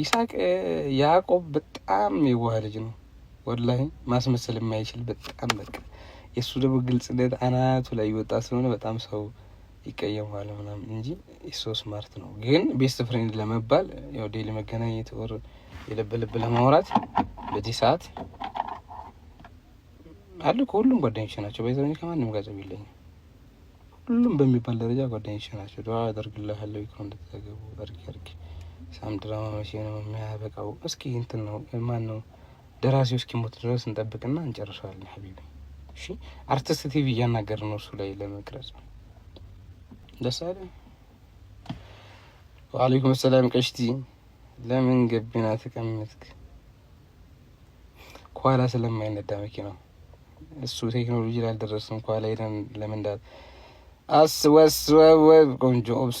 ይስሐቅ ያዕቆብ በጣም የዋህ ልጅ ነው። ወላሂ ማስመሰል የማይችል በጣም በቃ የእሱ ደግሞ ግልጽነት አናቱ ላይ ይወጣ ስለሆነ በጣም ሰው ይቀየማል ምናምን እንጂ የሱ ስማርት ነው። ግን ቤስት ፍሬንድ ለመባል ያው ዴሊ መገናኘት ወር የልብ ልብ ለማውራት በዚህ ሰዓት አሉ ከሁሉም ጓደኞች ናቸው። በይዘኝ ከማንም ጋዘብ የለኝም። ሁሉም በሚባል ደረጃ ጓደኞች ናቸው። ዱዓ አደርግልሃለሁ እኮ እንደተዘገቡ አድርጊ አድርጊ ሳም ድራማ መቼ ነው የሚያበቃው? እስኪ እንትን ነው ማን ነው ደራሲው እስኪሞት ድረስ እንጠብቅና እንጨርሰዋለን። ሀቢቢ እሺ፣ አርቲስት ቲቪ እያናገር ነው እሱ ላይ ለመቅረጽ ደስ አለ። ዋአሌይኩም ሰላም ቀሽቲ፣ ለምን ገቢና ተቀመጥክ? ከኋላ ስለማይነዳ መኪና እሱ ቴክኖሎጂ ላልደረስም ከኋላ ሄደን ለመንዳት አስወስወወብ ቆንጆ ኦብሴ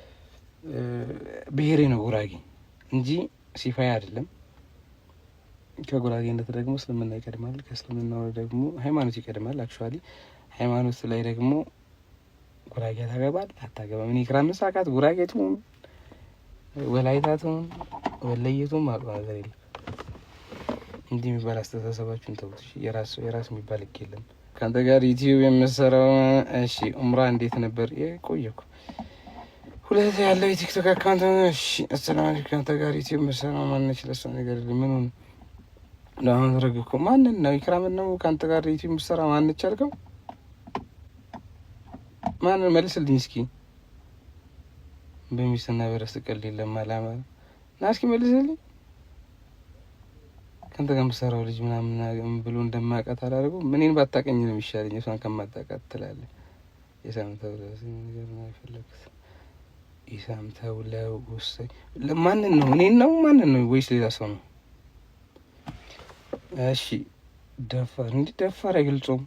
ብሔሬ ነው ጉራጌ እንጂ ሲፋይ አይደለም። ከጉራጌነት ደግሞ እስልምና ይቀድማል። ከእስልምና ደግሞ ሃይማኖት ይቀድማል። አክቹዋሊ ሃይማኖት ላይ ደግሞ ጉራጌ ታገባል አታገባም። እኔ ክራ ምሳካት ጉራጌቱን ወላይታቱን ወለየቱን ማቅ ነገር የለም። እንዲህ የሚባል አስተሳሰባችሁን ተውት። የራስ የራስ የሚባል ህግ የለም። ከአንተ ጋር ዩቲዩብ የምሰራው እሺ፣ ኡምራ እንዴት ነበር? ቆየኩ ሁለት ያለው የቲክቶክ አካውንት ነው። እሺ፣ አሰላም አለይኩም ተጋሪ ቲም መሰና ማነች? ለእሷ ነገር ምን ለማድረግ እኮ ማንን ነው? ኢክራምን ነው? ከአንተ ጋር ዩቲዩብ መሰራ ማነች አልከው? ማንን መልስልኝ እስኪ። በሚስትና በረስ ቀል የለም አላማ ና እስኪ መልስልኝ። ከአንተ ጋር የምትሰራው ልጅ ምናምን ብሎ እንደማውቃት አላደርጉ ምንን ባታቀኝ ነው የሚሻለኝ እሷን ከማታውቃት ትላለህ። የሰምተው ብረስ ነገር ነው የፈለግኩት ኢሳምተው ለውሳይ ማንን ነው? እኔን ነው? ማንን ነው? ወይስ ሌላ ሰው ነው? እሺ ደፋር እንዲህ ደፋር አይገልጾም።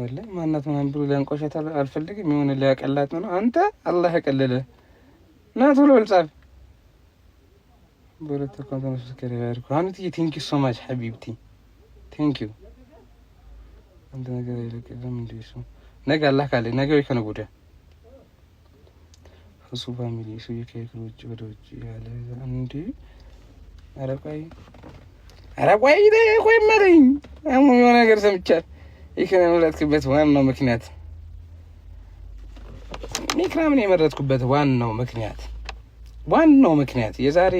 ወላሂ ማናት ምናምን ብሎ ሊያንቋሻት አልፈልግም። የሆነ ሊያቀላት ነው። አንተ አላህ ያቀለለ ና ቶሎ ልጻፍ በሁለት ኮንተነስ ከሪያር ኮንቲ ቴንክ ዩ ሶ ማች ሀቢብቲ ቴንክ ዩ አንተ ነገር አይለቀለም። እንዴ ነገ አላህ ካለ ነገ ወይ ከነገ ወዲያ እሱ ፋሚሊ እሱ ከክል ውጭ ወደ ውጭ ያለ እንዲ ኧረ ቆይ ኧረ ቆይ ቆይ መለኝ አሞ የሆነ ነገር ሰምቻል። ኢክራም የመረጥክበት ዋናው ምክንያት ኢክራምን የመረጥኩበት ዋናው ምክንያት ዋናው ምክንያት የዛሬ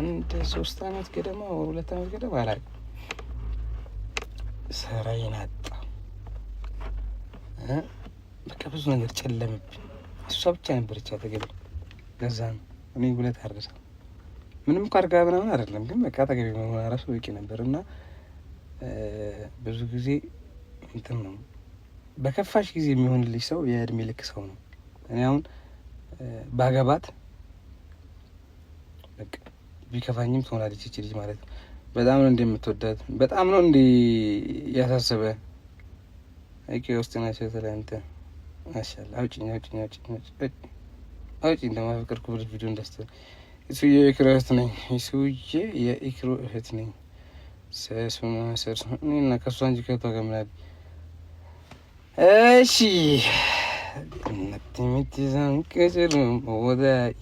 አንድ ሶስት አመት ገደማ ሁለት አመት ገደማ አላ ሰራዬን አጣ። በቃ ብዙ ነገር ጨለምብኝ እሷ ብቻ ነበረች አጠገብ። ለዛ ነው እኔ ጉለት አረሳ ምንም ካርጋ አድጋ ምናምን አይደለም፣ ግን በቃ አጠገቤ መሆኗ ራሱ በቂ ነበር። እና ብዙ ጊዜ እንትን ነው በከፋሽ ጊዜ የሚሆንልሽ ሰው የእድሜ ልክ ሰው ነው። እኔ አሁን ባገባት በቃ ቢከፋኝም ትሆናለች ይች ልጅ ማለት ነው። በጣም ነው እንደምትወዳት በጣም ነው እንደ ያሳሰበ አይቄ ውስጥ ናቸው ማሻላ አውጭኝ አውጭኝ አውጭኝ አውጭኝ ለማፈቀር ክብር ቪዲዮ እንዳስተ እሱ የኢክሮ እህት ነኝ እሱዬ የኢክሮ እህት ነኝ። ሰሱማ ሰሱማ እኔና ከሱ እንጂ ከቷ ጋር እሺ ነጥምትዛን ከዘሩም ወዳይ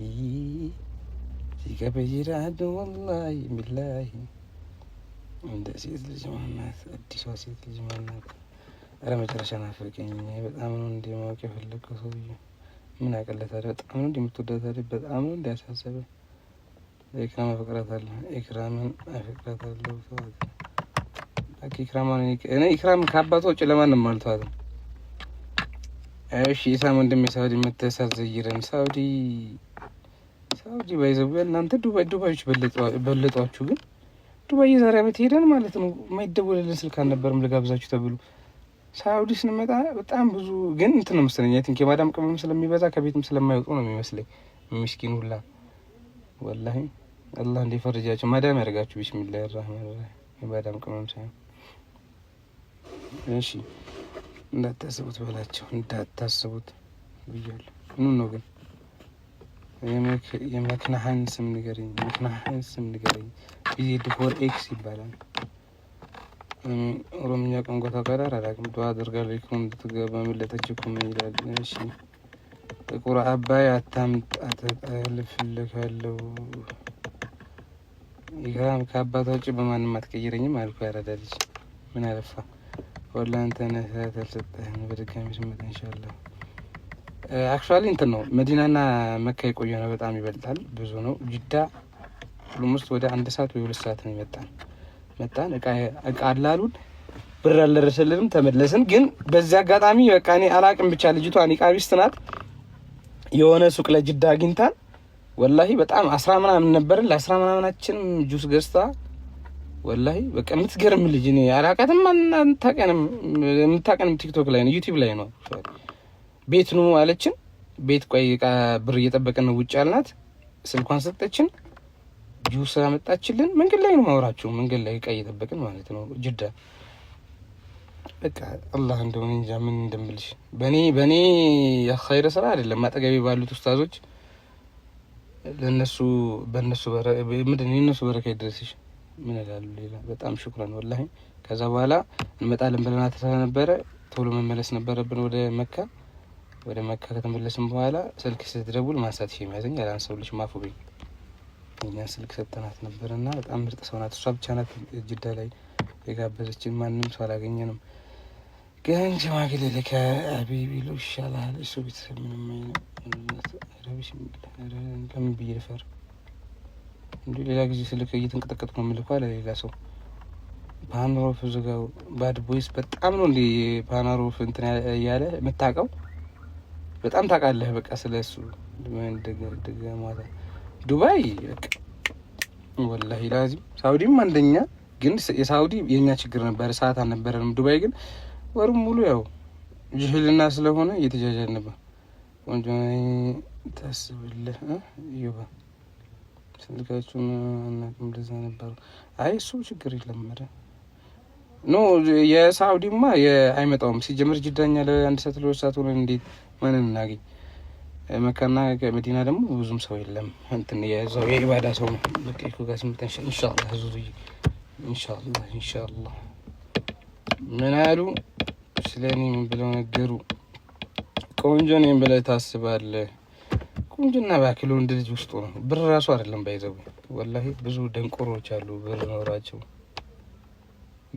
ሲገበይራዶ ወላሂ ቢላሂ እንደ ሴት ልጅ ማናት? አዲሷ ሴት ልጅ ማናት? ኧረ መጨረሻ ናፈቀኝ። በጣም ነው እንደ ማወቅ የፈለግከው ሰውዬ ምን አቀለታለ? በጣም ነው እንደምትወዳታለ። በጣም ነው እንዳያሳሰበ ኤክራም አፈቅራታለሁ። ኤክራምን አፈቅራታለሁ። እኔ ኢክራም ከአባቷ ውጭ ለማንም አልተዋትም። እሺ ኢሳም ወንድሜ ሳውዲ መተህ ሳትዘይረን ሳውዲ ሳውዲ ባይዘው እናንተ ዱባይ ዱባዮች በለጧችሁ። ግን ዱባይ የዛሬ አመት ሄደን ማለት ነው። የማይደወልልን ስልክ አልነበርም ልጋብዛችሁ ተብሎ ሳውዲ ስንመጣ በጣም ብዙ ግን እንትን ነው መሰለኝ ቲንክ የማዳም ቅመም ስለሚበዛ ከቤትም ስለማይወጡ ነው የሚመስለኝ። ምስኪን ሁላ ወላሂ አላህ እንደ ፈረጃቸው ማዳም ያደርጋችሁ። ቢስሚላህ ራህማን ራሂም የማዳም ቅመም ሳይሆን እሺ፣ እንዳታስቡት በላቸው እንዳታስቡት ብያለሁ። ምን ነው ግን የመክናሀን ስም ንገረኝ፣ መክናሀን ስም ንገረኝ። ቢዚ ፎር ኤክስ ይባላል። ኦሮምኛ ቋንቋ ታውቃለህ? አላቅም። ዱዐ አደርጋለሁ እኮ እንድትገባ መለጠች እኮ ይላል? እሺ ጥቁር አባይ አታምጥ አልፍልካለሁ። ኢክራም ከአባቷ ውጭ በማንም አትቀይረኝም አልኩ። ያራዳ ልጅ ምን አለፋ ወላንተ አንተ አልሰጠህም። በድጋሚ ስመት እንሻለሁ። አክቹዋሊ እንትን ነው መዲናና መካ የቆየ ነው። በጣም ይበልጣል፣ ብዙ ነው። ጅዳ ሁሉም ውስጥ ወደ አንድ ሰዓት ወይ ሁለት ሰዓት ነው ይመጣል። መጣን፣ እቃ አላሉን፣ ብር አልደረሰልንም፣ ተመለስን። ግን በዚህ አጋጣሚ በቃ እኔ አላቅም ብቻ ልጅቷ ኒቃቢስት ናት። የሆነ ሱቅ ለጅዳ አግኝታን ወላሂ በጣም አስራ ምናምን ነበርን። ለአስራ ምናምናችን ጁስ ገዝታ ወላሂ በቃ የምትገርም ልጅ እኔ አላቃትም። አናታቀንም የምታቀንም ቲክቶክ ላይ ነው ዩቲብ ላይ ነው። ቤት ኑ አለችን። ቤት ቆይ ብር እየጠበቅን ውጭ አልናት። ስልኳን ሰጠችን። ጁስ አመጣችልን። መንገድ ላይ ነው ማወራችሁ፣ መንገድ ላይ ቀይ እየጠበቅን ማለት ነው። ጅዳ በቃ አላህ እንደሆነ እንጃ ምን እንደምልሽ። በእኔ በእኔ የኸይረ ስራ አይደለም አጠገቤ ባሉት ኡስታዞች ለነሱ በነሱ ምንድን የነሱ በረካ ይድረስሽ። ምን እላለሁ ሌላ። በጣም ሽኩረን ወላሂ። ከዛ በኋላ እንመጣለን ብለና ነበረ። ቶሎ መመለስ ነበረብን ወደ መካ። ወደ መካ ከተመለስን በኋላ ስልክ ስትደውል ማንሳት ሽ የሚያዘኝ ያላንሰው ልጅ ማፉብኝ እኛ ስልክ ሰጠናት ነበር እና በጣም ምርጥ ሰው ናት። እሷ ብቻ ናት ጅዳ ላይ የጋበዘችን፣ ማንም ሰው አላገኘንም። ግን ሽማግሌ ልከ ሀቢቢ ይሻላል። እሱ ቤተሰብ ምንም ለምን ብዬ ልፈር? እንዲ ሌላ ጊዜ ስልክ እየተንቀጠቀጥ ነው የምልኳ ለሌላ ሰው ፓናሮፍ ዝጋው። ባድ ቦይስ በጣም ነው እንዲ ፓናሮፍ እንትን እያለ የምታውቀው በጣም ታውቃለህ። በቃ ስለ እሱ ድገ ማለት ዱባይ ወላሂ ላዚም ሳውዲም አንደኛ፣ ግን የሳውዲ የኛ ችግር ነበር፣ ሰዓት አልነበረንም። ዱባይ ግን ወሩም ሙሉ ያው ጅህልና ስለሆነ እየተጃጃል ነበር። ቆንጆ ታስብልህ ዩባ ስልካችሁን አናውቅም። እንደዛ ነበሩ። አይ እሱ ችግር የለም። ኖ የሳውዲማ አይመጣውም። ሲጀምር ጅዳኛ ለአንድ ሰዓት ለሁለት ሰዓት ሆነ። እንዴት ማንን እናገኝ? መካና መዲና ደግሞ ብዙም ሰው የለም። እንትን የዛው የኢባዳ ሰው ነው። ለቀይኩ ጋር ስምተን ኢንሻአላ ህዙዙ ኢንሻአላ ኢንሻአላ ምን አሉ ስለኔ ምን ብለው ነገሩ። ቆንጆ ነኝ ብለህ ታስባለህ? ቁንጅና ባክሎ እንደ ልጅ ውስጡ ነው። ብር ራሱ አይደለም ባይዘቡ ወላሂ ብዙ ደንቆሮች አሉ። ብር ኖራቸው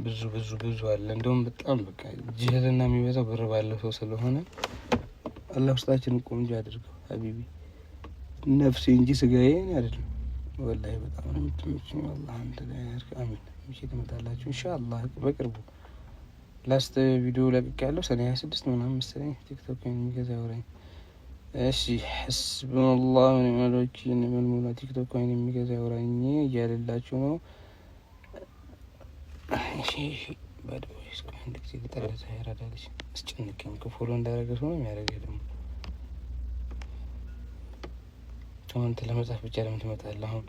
ብዙ ብዙ ብዙ አለ። እንደውም በጣም በቃ ጅህልና የሚበዛው ብር ባለው ሰው ስለሆነ አላህ ውስጣችንን ቆንጆ አድርገው ሀቢቢ። ነፍሴ እንጂ ስጋዬ አይደለም። ወላሂ በጣም ነው የምትመችኝ። አላህ አንተ ላይ አሚን። መቼ ትመጣላችሁ? ኢንሻአላህ በቅርቡ ላስት ቪዲዮ ለቅቅ ያለው ሰኔ ሀያ ምናምን መሰለኝ። ቲክቶክ የሚገዛ ወራኝ። እሺ ሐስቡላህ ወኒዕመል ወኪል መልሙላ ቲክቶክ ወይን የሚገዛ ወራኝ እያለላችሁ ነው። እሺ ባድቦይስ ቆይ አንድ ጊዜ ልጠረሰ ያራዳልሽ አስጨንቅኝ ክፎሎ እንዳረገሽ ሆኖ የሚያደረገ ደግሞ አንተ ለመጻፍ ብቻ ለምን ትመጣለህ? አሁን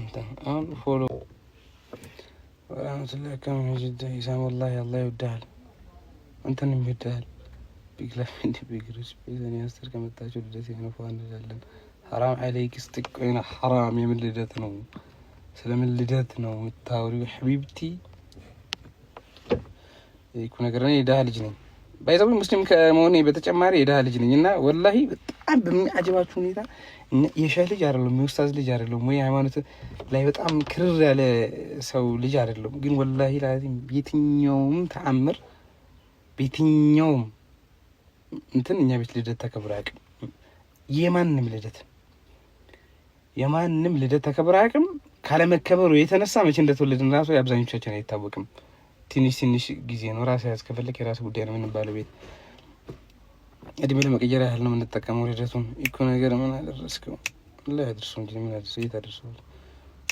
እንትን አሁን ፎሎ ወራህመቱላህ ከመጅድ ኢሳሙላ ያላ ይወዳል እንትን ይወዳል ቢግላፍ ቢግሪስ ቤዘን ያስተር ከመጣችሁ ልደት የሆነ ፎ እንላለን። ሐራም አለይክ ስጥቅ ሐራም የምን ልደት ነው? ስለምን ልደት ነው የምታወሪው ሐቢብቲ ይኩ ነገር እኔ የድሃ ልጅ ነኝ ባይዘው ሙስሊም ከመሆኔ በተጨማሪ የድሃ ልጅ ነኝ እና ወላሂ በጣም በሚያጅባችሁ ሁኔታ የሸህ ልጅ አይደለም፣ የኡስታዝ ልጅ አይደለም፣ ወይ ሃይማኖት ላይ በጣም ክርር ያለ ሰው ልጅ አይደለም። ግን ወላሂ ላዚም የትኛውም ተአምር በየትኛውም እንትን እኛ ቤት ልደት ተከብሮ አያውቅም። የማንም ልደት የማንም ልደት ተከብሮ አያውቅም። ካለመከበሩ የተነሳ መቼ እንደተወለድን ራሱ የአብዛኞቻችን አይታወቅም። ትንሽ ትንሽ ጊዜ ነው። ራስ ያዝ ከፈለግ የራስ ጉዳይ ነው። ምን ባለቤት እድሜ ለመቀየር ያህል ነው የምንጠቀመው። ልደቱን እኮ ነገር ምን አደረስከው? ላይ አድርሶ እንጂ ምን አድርሶ የት አድርሶ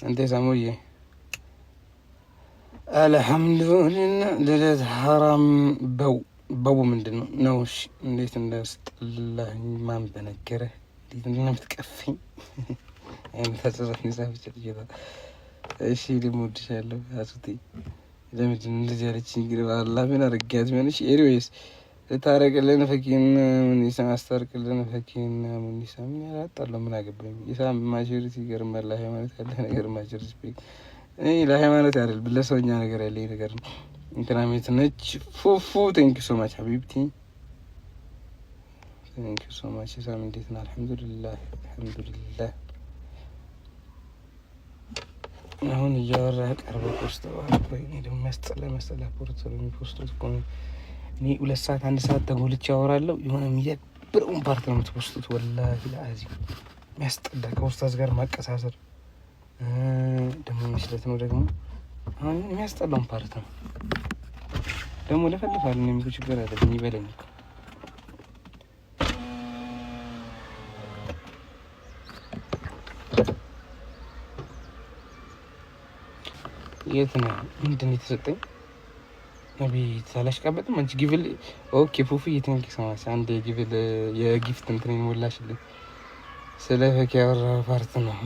አንተ ሳሙዬ አልሐምዱሊላ ልደት ሀራም በው በው ምንድን ነው ነው? እሺ እንዴት እንዳስጠላኝ ማን በነገረህ? እንዴት እንደምትቀፈኝ አይነት አጸጻፍ ኒጻፍ ይችል ይችላል። እሺ ልሞድሻለሁ አሱቴ ለምንድን እንደዚህ ያለች? እንግዲህ በአላ ምን አድርጊያት ቢሆንሽ? ኤሪዌይስ ልታረቅልን ፈኪን ሙኒሳ ማስታርቅልን ፈኪን ሙኒሳ ምን ያላጣለው ምን አገባኝ። ኢሳ ማጆሪቲ ይገርማል። ለሃይማኖት ያለ ነገር ማጆሪቲ ስፔክ እኔ ለሃይማኖት አይደል ብለሰውኛ ነገር ያለ ነገር ነው። እንትናሜት ነች ፉፉ ቴንኪ ሶ ማች ሀቢብቲ ቴንኪ ሶ ማች ሳም እንዴት ነው? አልሐምዱሊላህ አልሐምዱሊላህ አሁን እያወራ ቀርበ ፖስት ደግሞ ያስጠላ ያስጠላ ፖርት የሚፖስቱት እኮ እኔ ሁለት ሰዓት አንድ ሰዓት ተጎልቼ ያወራለሁ። የሆነ የሚደብረውን ፓርት ነው የምትፖስቱት። ወላሂ ለአዚ የሚያስጠላ ከፖስታዝ ጋር ማቀሳሰር ደግሞ መስለት ነው ደግሞ አሁን የሚያስጠላውን ፓርት ነው ደግሞ ለፈልፋል። እኔ ችግር አይደለም ይበለኝ የት ነው? ምንድን ነው የተሰጠኝ? አቤት አላሽቃበጥም። አንቺ ጊቭል። ኦኬ። ፉፉ የትንኪ ሰማሽ አንድ የግብል የጊፍት እንትን ሞላሽልኝ። ስለ ፈኪ ያወራ ፓርት ነው።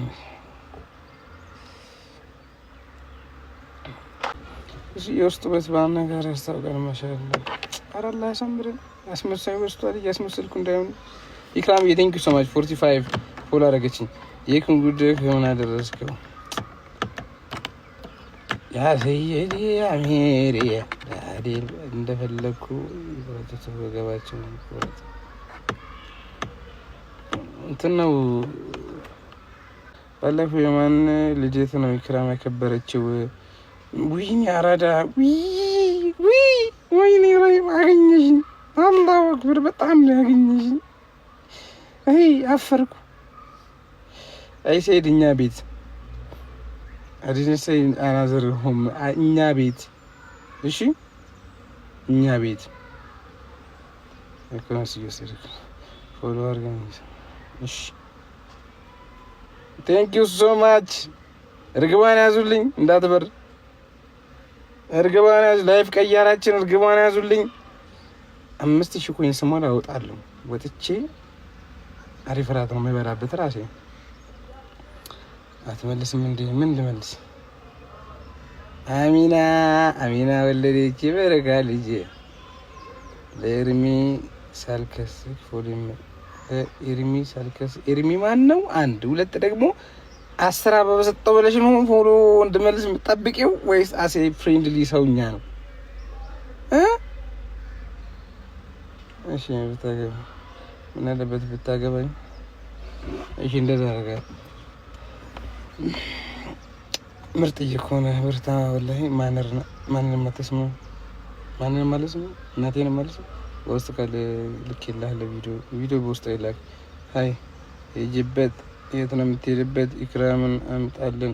እሺ የውስጥ በት በአነጋር ያስታውቃል። ማሻለ አራላ ያሳምርን። አስመሳይ በስቷል። እያስመሰልኩ እንዳይሆን ኢክራም የቴንኪ ሰማች ፎርቲ ፋይቭ ፖል አረገችኝ። የክንጉድ ምን አደረስከው? ያሰየድ አሜሪ ዳዴል እንደፈለግኩ ቁረጡት ወገባቸው እንትን ነው። ባለፈው የማን ልጅት ነው ኢክራም ያከበረችው? ወይኔ አራዳ ወይኔ አላሁ አክበር በጣም ነው አፈርኩ። ቤት አዲነሰይ አናዘር ሆም እኛ ቤት እሺ፣ እኛ ቤት እኮስ ይሰረክ እሺ። ቴንክ ዩ ሶ ማች። እርግቧን ያዙልኝ እንዳትበር። ያዙ። ላይፍ ቀያራችን ያዙልኝ። አምስት ሺህ ኮይን ስሟን አወጣለሁ። ወጥቼ አሪፍ እራት ነው የምበላበት ራሴ አትመልስም እንዴ? ምን ልመልስ? አሚና አሚና ወለደች በረካ ልጅ ለእርሚ ሳልከስ ፎሊም ኤርሚ ሳልከስ ኤርሚ ማን ነው? አንድ ሁለት ደግሞ አስራ በሰጠው በለሽ ነው ፎሎ እንድመልስ የምጠብቂው ወይስ አሴ ፍሬንድሊ ሰውኛ ነው? እሺ ብታገባ ምን አለበት ብታገባኝ? እሺ እንደዛ አደርጋለሁ። ምርጥዬ እኮ ብርታ ወላሂ ማነር ነው። ማንንም አትስሙ፣ ማንንም አልስሙ። እናቴን መልሱ በውስጥ ካለ ልኬልሃለሁ። ለቪዲዮ ቪዲዮ በውስጥ አይላክ። ሀይ ሂጂበት፣ የት ነው የምትሄድበት? ኢክራምን አምጣልን።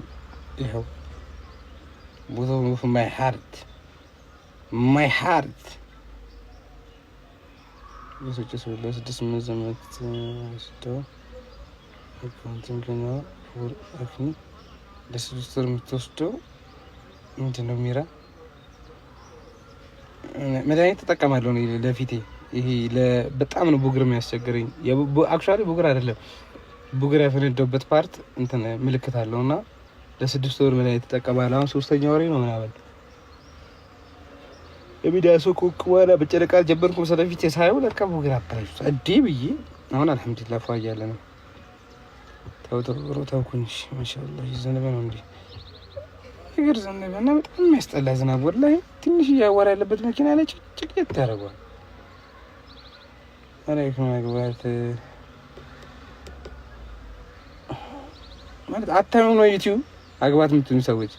ይኸው ቦታው ኦፍ ማይ ሀርት ማይ ሀርት የሶጭ ሰው ለስድስት ስምንት ዘመት ስደው አካውንትን ገና ወር አክኒ ለስድስት ወር የምትወስደው ምንድን ነው ሚራ መድኃኒት ተጠቀማለሁ ለፊቴ። ይሄ በጣም ነው ቡግር የሚያስቸግረኝ። አክቹዋሊ ቡግር አይደለም ቡግር ያፈነዳበት ፓርት እንትን ምልክት አለው እና ለስድስት ወር መድኃኒት ተጠቀማለሁ። አሁን ሶስተኛ ወሬ ነው ምናምን የሚዳሰው ኮክዋላ በጨረቃ አልጀመርኩም። ስለፊቴ ሳየው ለካ ቡግር አበላሽ እንዴ ብዬ አሁን አልሐምዱሊላህ ፏ እያለ ነው። ተው ተው ተውኩኝ። ማሻአላ ዘነበ ነው እንዴ? ነገር ዘነበ እና በጣም የሚያስጠላ ዝናብ ወላሂ። ትንሽ እያወራ ያለበት መኪና ላይ ጭቅጭቅ ያደርገዋል። አለይክ መግባት ማለት አታዩ ነው ዩቲዩብ አግባት የምትሉ ሰዎች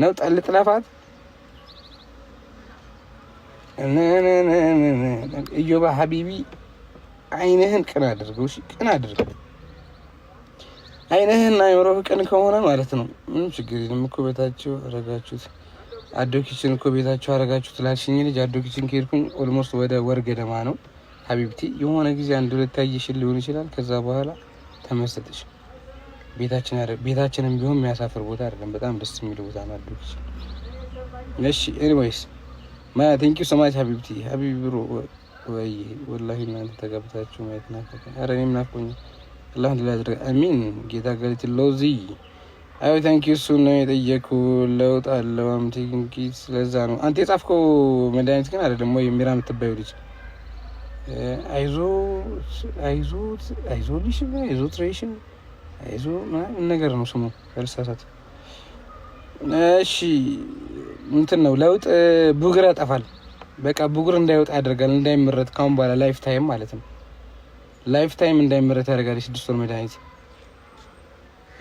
ነው ጠል ጥለፋት እዮባ ሀቢቢ አይንህን ቅን አድርገው፣ ቅን አድርገው አይንህና አይምሮህ ቅን ከሆነ ማለት ነው ምንም ችግር የለም እኮ ቤታችሁ አረጋችሁት። አዶ ኪችን እኮ ቤታችሁ አረጋችሁት ላልሽኝ ልጅ አዶ ኪችን ከሄድኩኝ ኦልሞስት ወደ ወር ገደማ ነው። ሀቢብቲ የሆነ ጊዜ አንድ ሁለት ታየሽን ሊሆን ይችላል። ከዛ በኋላ ተመሰጥሽ። ቤታችንም ቢሆን የሚያሳፍር ቦታ አይደለም። በጣም ደስ የሚል ቦታ ነው አዶ ኪችን። እሺ ኤኒዌይስ ማያ ቴንክ ዩ ሰማች ሀቢብቲ ሀቢቢ ብሮ ወይ ወላሂ እናንተ ተጋብታችሁ ማየት ናፈቀኝ። ኧረ እኔም ናፍቆኛል አላህ ላድረግ። አሚን። ጌታ ገለጥለው ዚ አይ ታንክ ዩ ሱ ነው የጠየኩ ለውጥ አለው። አም ስለዛ ነው አንተ የጻፍከው መድኃኒት ግን አይደለም ወይ ሚራ የምትባዩ ልጅ አይዞ አይዞ አይዞ ልሽ አይዞ ትሬሽን አይዞ ምናምን ነገር ነው ስሙ ያልሳሳት። እሺ እንትን ነው ለውጥ ቡግር ያጠፋል። በቃ ቡግር እንዳይወጣ ያደርጋል እንዳይመረት ካሁን በኋላ ላይፍ ታይም ማለት ነው። ላይፍ ታይም እንዳይመረት ያደርጋል። የስድስት ወር መድኃኒት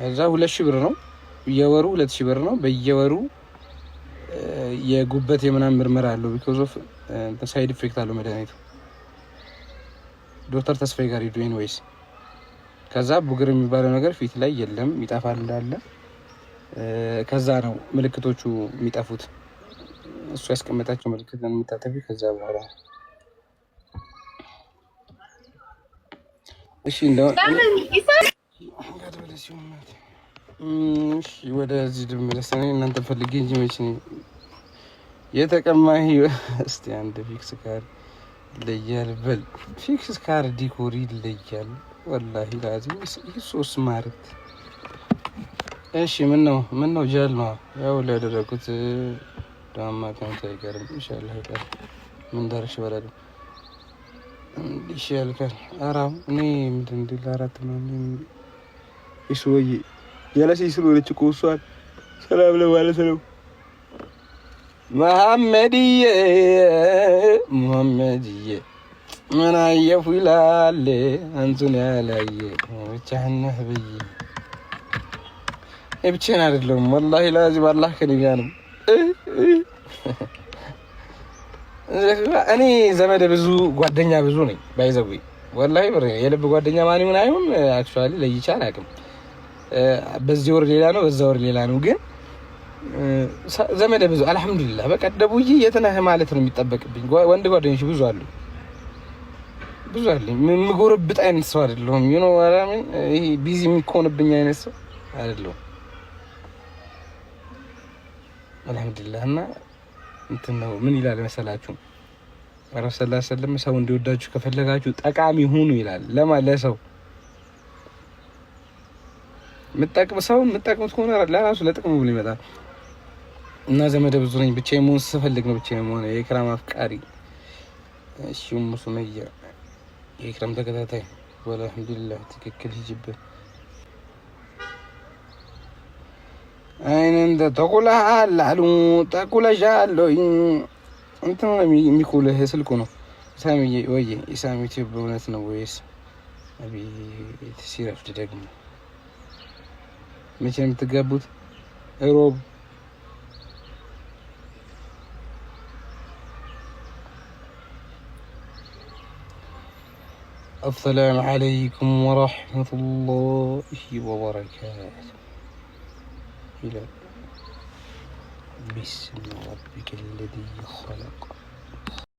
እዛ ሁለት ሺህ ብር ነው የወሩ ሁለት ሺህ ብር ነው። በየወሩ የጉበት የምናምን ምርመራ አለው። ቢኮዝ ኦፍ ሳይድ ኢፌክት አለው መድኃኒቱ። ዶክተር ተስፋዬ ጋር ሂዱ ኤኒዌይስ። ከዛ ቡግር የሚባለው ነገር ፊት ላይ የለም ይጠፋል እንዳለ ከዛ ነው ምልክቶቹ የሚጠፉት። እሱ ያስቀመጣቸው ምልክት ነው የምታጠፊ ከዛ በኋላ ወደዚህ ድምለስ እናንተ ፈልጌ እንጂ መች የተቀማ ስ አንድ ፊክስ ካርድ ይለያል። በል ፊክስ ካርድ ዲኮር ይለያል። ወላሂ ላዚ ሶስት ማርት እሺ፣ ምን ነው ምን ነው ጃል ነው ያው ሊያደረጉት ዳማ ከምታይ ቀርም ይሻላል። ምን ደረሽ በላሉ እሺ ያልካል። ኧረ አሁን እኔ ምንድን እንደ ለአራት እሱ ወይ የለሴ ስለሆነች እኮ እሷን ሰላም ለማለት ነው። መሐመድዬ መሐመድዬ ምን አየፉ ይላል አንቱን ያላየ ብቻህን ነህ ብዬ ብቻዬን ወላሂ ላዚ ባላህ ከእኔ ነው እኔ ዘመድ ብዙ ጓደኛ ብዙ ነኝ። ባይዘዊ ወላሂ ብር የልብ ጓደኛ ማን ይሁን አይሁን አክቹዋሊ ለይቼ አላውቅም። በዚህ ወር ሌላ ነው፣ በዛ ወር ሌላ ነው። ግን ዘመድ ብዙ አልሐምዱሊላህ። በቃ ደቡዬ የት ነህ ማለት ነው የሚጠበቅብኝ። ወንድ ጓደኞች ብዙ አሉ፣ ብዙ አሉ። የምጎረብጥ አይነት ሰው አይደለሁም። ዩኖ ምን ይሄ ቢዚ የሚኮንብኝ አይነት ሰው አይደለሁም። አልሐምዱሊላህ እና እንትን ነው ምን ይላል መሰላችሁ ረሱ ሰለም ሰው እንዲወዳችሁ ከፈለጋችሁ ጠቃሚ ሁኑ ይላል። ለማ ለሰው የምጠቅም ሰው የምጠቅሙት ከሆነ ለራሱ ለጥቅሙ ብሎ ይመጣል እና ዘመደ ብዙ ነኝ። ብቻዬን መሆን ስፈልግ ነው ብቻ መሆን። የኢክራም አፍቃሪ እሺ፣ ሙሱመያ የኢክራም ተከታታይ ወልሐምዱሊላህ ትክክል ሂጅብን አይነን ተቁላ አላሉ ተቁለሻ አለኝ እንትን የሚኮለህ ስልኩ ነው። ሳሚዬ ወይ ኢሳም ዩቲዩብ በእውነት ነው ወይስ አቤት ሲረፍድ ደግሞ መቼ ነው የምትጋቡት? ሮብ አሰላም አለይኩም ወራህመቱላሂ ወበረካቱ ይላል። باسم ربك الذي خلق